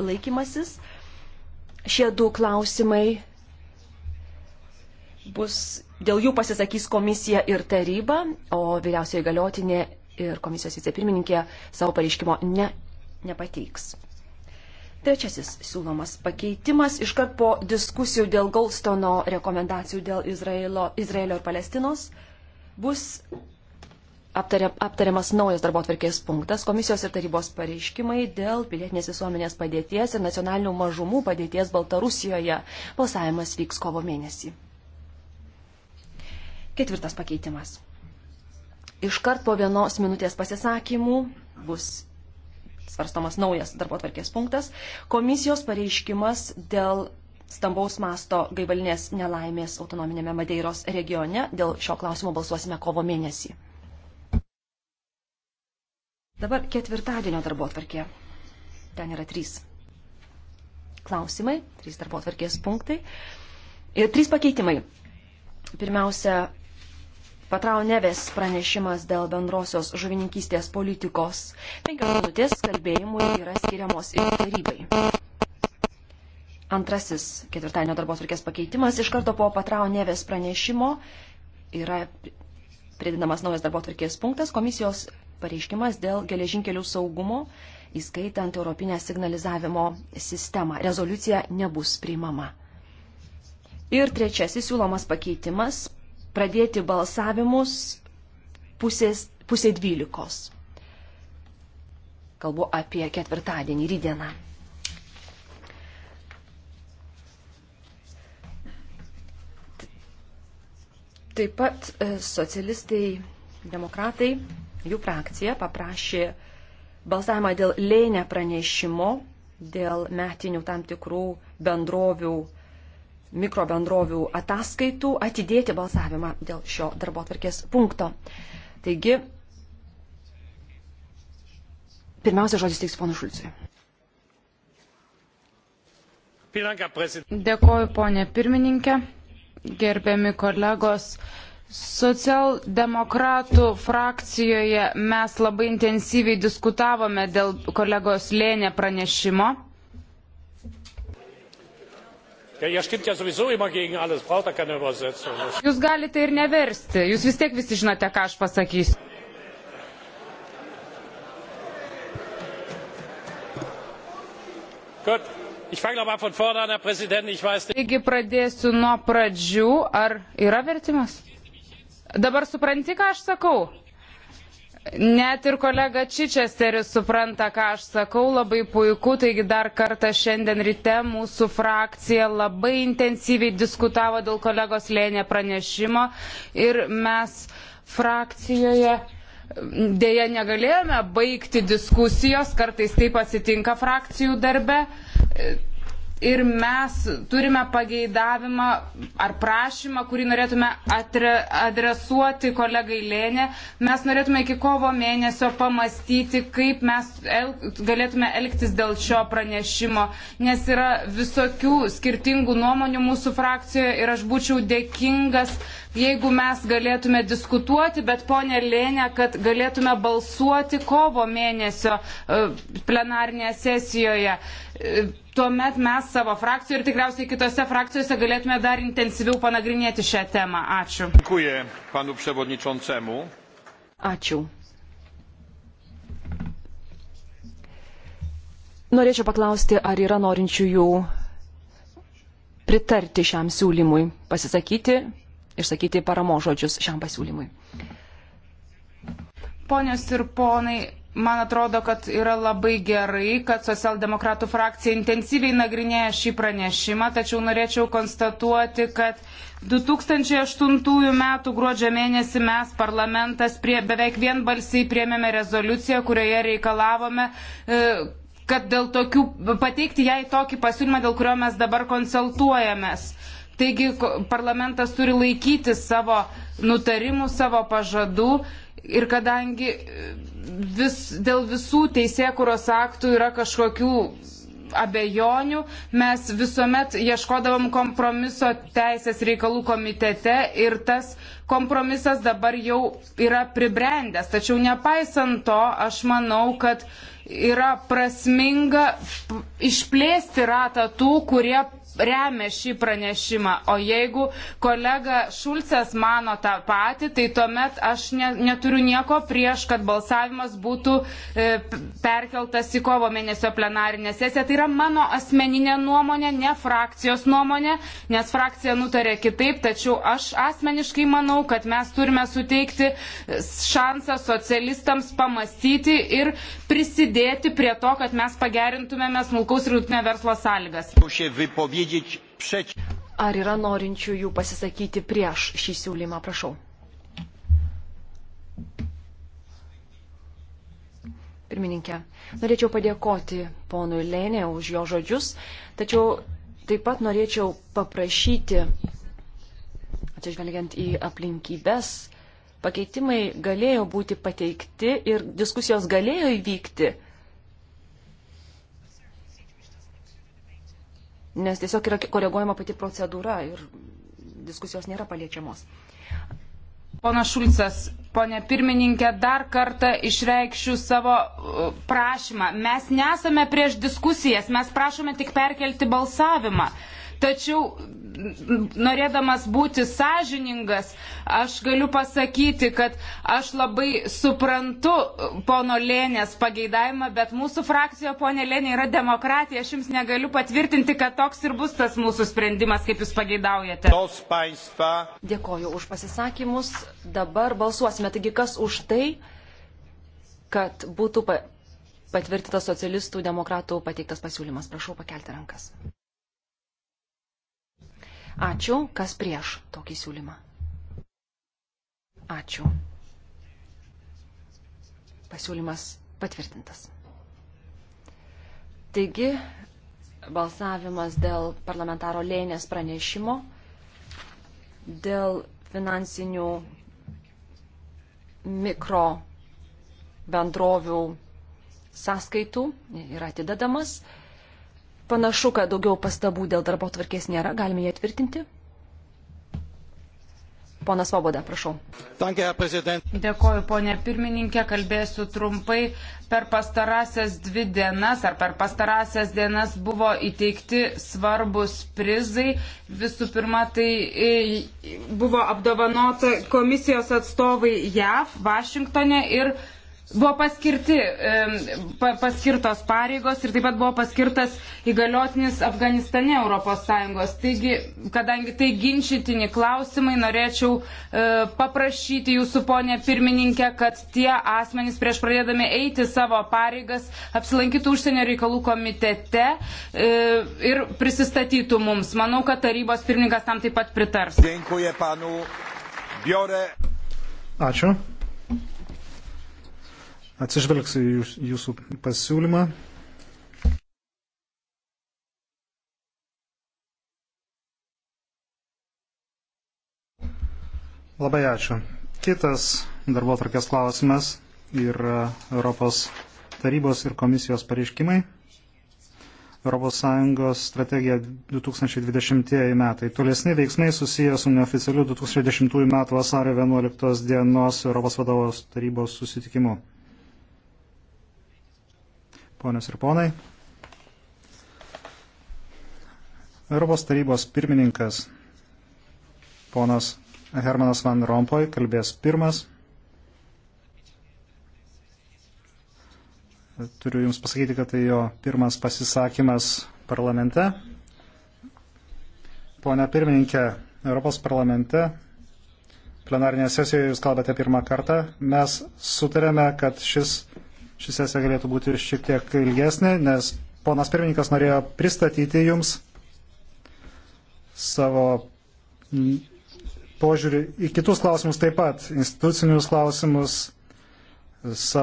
laikymasis. Šie du klausimai bus, dėl jų pasisakys komisija ir taryba, o vyriausioji galiotinė ir komisijos vicepirmininkė savo pareiškimo ne, nepateiks. Trečiasis siūlomas pakeitimas iškart po diskusijų dėl Goldstono rekomendacijų dėl Izraelio, Izraelio ir Palestinos bus aptarė, aptariamas naujas darbo atvarkės punktas - komisijos ir tarybos pareiškimai dėl pilietinės visuomenės padėties ir nacionalinių mažumų padėties Baltarusijoje. Balsavimas vyks kovo mėnesį. Ketvirtas pakeitimas. Iškart po vienos minutės pasisakymų bus svarstomas naujas darbo atvarkės punktas - komisijos pareiškimas dėl stambaus masto gaivalinės nelaimės autonominėme Madeiros regione. Dėl šio klausimo balsuosime kovo mėnesį. Dabar ketvirtadienio darbo atvarkė. Ten yra trys klausimai, trys darbo atvarkės punktai ir trys pakeitimai. Pirmiausia, Patrau Neves pranešimas dėl bendrosios žuvininkystės politikos. Penkios minutės kalbėjimui yra skiriamos ir tarybai. Antrasis ketvirtadienio darbo atvarkės pakeitimas iš karto po Patrau Neves pranešimo yra pridedamas naujas darbo atvarkės punktas komisijos pareiškimas dėl geležinkelių saugumo, įskaitant Europinę signalizavimo sistemą. Rezoliucija nebus priimama. Ir trečiasis siūlomas pakeitimas - pradėti balsavimus pusės, pusė dvylikos. Kalbu apie ketvirtadienį, rydieną. Taip pat e, socialistai, demokratai Jų frakcija paprašė balsavimą dėl lėnė pranešimo, dėl metinių tam tikrų bendrovių, mikrobendrovių ataskaitų, atidėti balsavimą dėl šio darbo atvarkės punkto. Taigi, pirmiausia, žodis teiks ponu Šulciui. Dėkoju, ponė pirmininkė, gerbiami kolegos. Socialdemokratų frakcijoje mes labai intensyviai diskutavome dėl kolegos Lėnė pranešimo. Jūs galite ir neversti, jūs vis tiek visi žinote, ką aš pasakysiu. Gut. Taigi pradėsiu nuo pradžių. Ar yra vertimas? Dabar supranti, ką aš sakau? Net ir kolega Čičesteris supranta, ką aš sakau, labai puiku, taigi dar kartą šiandien ryte mūsų frakcija labai intensyviai diskutavo dėl kolegos Lėnė pranešimo ir mes frakcijoje. Deja, negalėjome baigti diskusijos, kartais taip atsitinka frakcijų darbe ir mes turime pageidavimą ar prašymą, kurį norėtume atre, adresuoti kolegai Lėnė. Mes norėtume iki kovo mėnesio pamastyti, kaip mes el, galėtume elgtis dėl šio pranešimo, nes yra visokių skirtingų nuomonių mūsų frakcijoje ir aš būčiau dėkingas, jeigu mes galėtume diskutuoti, bet ponė Lėnė, kad galėtume balsuoti kovo mėnesio e, plenarnėje sesijoje e, tuomet mes savo frakcijoje ir tikriausiai kitose frakcijose galėtume dar intensyviau panagrinėti šią temą. Ačiū. Dziękuję panu przewodniczącemu. Ačiū. Norėčiau paklausti, ar yra norinčiųjų pritarti šiam siūlymui, pasisakyti, išsakyti paramo žodžius šiam pasiūlymui. Ponios ir ponai, Man atrodo, kad yra labai gerai, kad socialdemokratų frakcija intensyviai nagrinėja šį pranešimą, tačiau norėčiau konstatuoti, kad 2008 m. gruodžio mėnesį mes parlamentas prie, beveik vienbalsiai priemėme rezoliuciją, kurioje reikalavome, e, kad dėl tokių, pateikti jai tokį pasiūlymą, dėl kurio mes dabar konsultuojamės. Taigi parlamentas turi laikyti savo nutarimų, savo pažadų Ir kadangi e, vis, dėl visų teisėkuros aktų yra kažkokių abejonių, mes visuomet ieškodavom kompromiso teisės reikalų komitete ir tas kompromisas dabar jau yra pribrendęs. Tačiau nepaisant to, aš manau, kad yra prasminga išplėsti ratą tų, kurie remia šį pranešimą. O jeigu kolega Šulcas mano tą patį, tai tuomet aš ne, neturiu nieko prieš, kad balsavimas būtų e, perkeltas į kovo mėnesio plenarinę sesiją. Tai yra mano asmeninė nuomonė, ne frakcijos nuomonė, nes frakcija nutarė kitaip, tačiau aš asmeniškai manau, manau, kad mes turime suteikti šansą socialistams pamastyti ir prisidėti prie to, kad mes pagerintumėme smulkaus ir vidutinio verslo sąlygas. Ar yra norinčių jų pasisakyti prieš šį siūlymą, prašau? Pirmininkė, norėčiau padėkoti ponui Lenė už jo žodžius, tačiau taip pat norėčiau paprašyti atsižvelgiant į aplinkybės, pakeitimai galėjo būti pateikti ir diskusijos galėjo įvykti. Nes tiesiog yra koreguojama pati procedūra ir diskusijos nėra paliečiamos. Pona Šulcas, ponė pirmininkė, dar kartą išreikščiu savo uh, prašymą. Mes nesame prieš diskusijas, mes prašome tik perkelti balsavimą. Tačiau norėdamas būti sąžiningas, aš galiu pasakyti, kad aš labai suprantu pono Lėnės pageidavimą, bet mūsų frakcijoje ponė Lėnė yra demokratija. Aš jums negaliu patvirtinti, kad toks ir bus tas mūsų sprendimas, kaip jūs pageidaujate. Dėkoju už pasisakymus. Dabar balsuosime. Taigi kas už tai, kad būtų patvirtintas socialistų demokratų pateiktas pasiūlymas. Prašau pakelti rankas. Ačiū, kas prieš tokį siūlymą. Ačiū. Pasiūlymas patvirtintas. Taigi, balsavimas dėl parlamentaro lėnės pranešimo, dėl finansinių mikro bendrovių sąskaitų yra atidedamas. Panašu, kad daugiau pastabų dėl darbo tvarkės nėra. Galime ją tvirtinti? Ponas Svoboda, prašau. Dėkoju, ponė pirmininkė, kalbėsiu trumpai. Per pastarasias dvi dienas ar per pastarasias dienas buvo įteikti svarbus prizai. Visų pirma, tai e, buvo apdovanota komisijos atstovai JAV, Vašingtone ir buvo paskirti, paskirtos pareigos ir taip pat buvo paskirtas įgaliotinis Afganistane ES. Taigi, kadangi tai ginčytini klausimai, norėčiau e, paprašyti jūsų, ponė pirmininkė, kad tie asmenys prieš pradėdami eiti savo pareigas apsilankytų užsienio reikalų komitete e, ir prisistatytų mums. Manau, kad tarybos pirmininkas tam taip pat pritars. Ačiū atsižvelgsiu jūs, jūsų pasiūlymą. Labai ačiū. Kitas darbo tarkės klausimas yra Europos tarybos ir komisijos pareiškimai. ES strategija 2020 metai. Tolesni veiksmai susiję su neoficialiu 2010 m. vasario 11 dienos ES tarybos susitikimu ponios ir ponai. Europos tarybos pirmininkas ponas Hermanas Van Rompoj kalbės pirmas. Turiu Jums pasakyti, kad tai jo pirmas pasisakymas parlamente. Pone pirmininkė, Europos parlamente plenarinėje sesijoje Jūs kalbate pirmą kartą. Mes sutarėme, kad šis Ši sesija galėtų būti šiek tiek ilgesnė, nes ponas pirmininkas norėjo pristatyti jums savo požiūrį į kitus klausimus taip pat, institucinius klausimus, savo